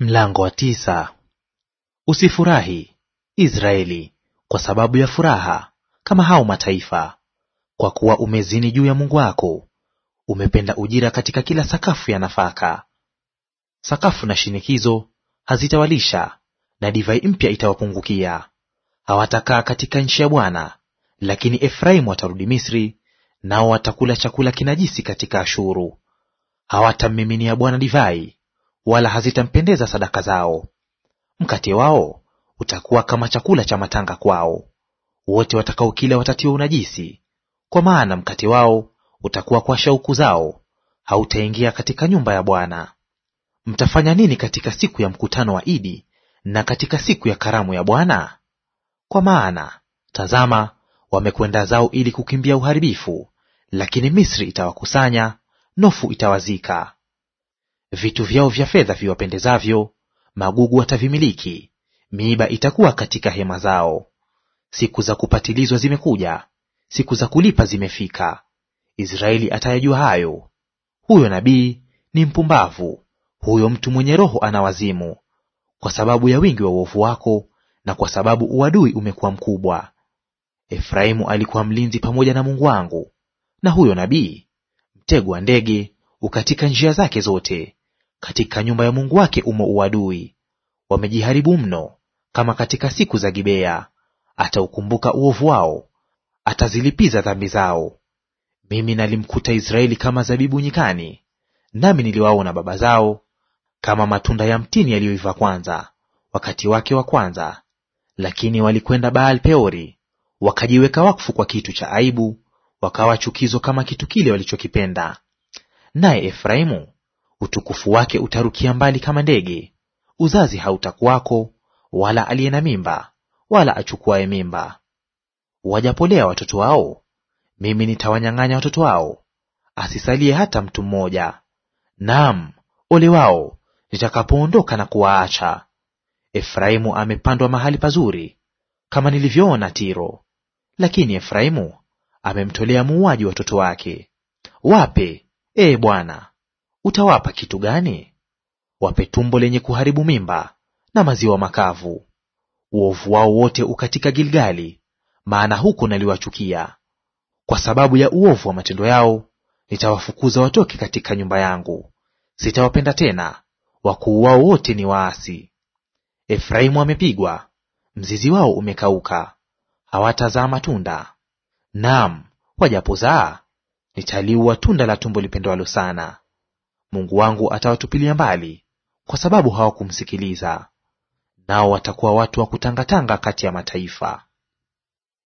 Mlango wa tisa. Usifurahi Israeli kwa sababu ya furaha kama hao mataifa, kwa kuwa umezini juu ya Mungu wako, umependa ujira katika kila sakafu ya nafaka. Sakafu na shinikizo hazitawalisha, na divai mpya itawapungukia. Hawatakaa katika nchi ya Bwana, lakini Efraimu watarudi Misri, nao watakula chakula kinajisi katika Ashuru. Hawatammiminia Bwana divai wala hazitampendeza sadaka zao. Mkate wao utakuwa kama chakula cha matanga kwao; wote watakaokila watatiwa unajisi, kwa maana mkate wao utakuwa kwa shauku zao, hautaingia katika nyumba ya Bwana. Mtafanya nini katika siku ya mkutano wa Idi na katika siku ya karamu ya Bwana? Kwa maana tazama, wamekwenda zao ili kukimbia uharibifu, lakini Misri itawakusanya, Nofu itawazika. Vitu vyao vya fedha viwapendezavyo, magugu watavimiliki, miiba itakuwa katika hema zao. Siku za kupatilizwa zimekuja, siku za kulipa zimefika. Israeli atayajua hayo. Huyo nabii ni mpumbavu, huyo mtu mwenye roho ana wazimu, kwa sababu ya wingi wa uovu wako na kwa sababu uadui umekuwa mkubwa. Efraimu alikuwa mlinzi pamoja na Mungu wangu, na huyo nabii mtego wa ndege ukatika njia zake zote katika nyumba ya Mungu wake umo uadui. Wamejiharibu mno kama katika siku za Gibea. Ataukumbuka uovu wao, atazilipiza dhambi zao. Mimi nalimkuta Israeli kama zabibu nyikani, nami niliwaona baba zao kama matunda ya mtini yaliyoiva kwanza, wakati wake wa kwanza. Lakini walikwenda Baal Peori, wakajiweka wakfu kwa kitu cha aibu, wakawa chukizo kama kitu kile walichokipenda. Naye Efraimu utukufu wake utarukia mbali kama ndege. Uzazi hautakuwako, wala aliye na mimba, wala achukuaye mimba. Wajapolea watoto wao, mimi nitawanyang'anya watoto wao, asisalie hata mtu mmoja. Naam, ole wao nitakapoondoka na kuwaacha. Efraimu amepandwa mahali pazuri, kama nilivyoona Tiro, lakini Efraimu amemtolea muuaji watoto wake. Wape, ee Bwana, Utawapa kitu gani? Wape tumbo lenye kuharibu mimba na maziwa makavu. Uovu wao wote ukatika Gilgali, maana huko naliwachukia. Kwa sababu ya uovu wa matendo yao, nitawafukuza watoke katika nyumba yangu. Sitawapenda tena, wakuu wao wote ni waasi. Efraimu amepigwa, mzizi wao umekauka, hawatazaa matunda. Naam, wajapozaa, nitaliua tunda la tumbo lipendwalo sana. Mungu wangu atawatupilia mbali kwa sababu hawakumsikiliza. Nao watakuwa watu wa kutangatanga kati ya mataifa.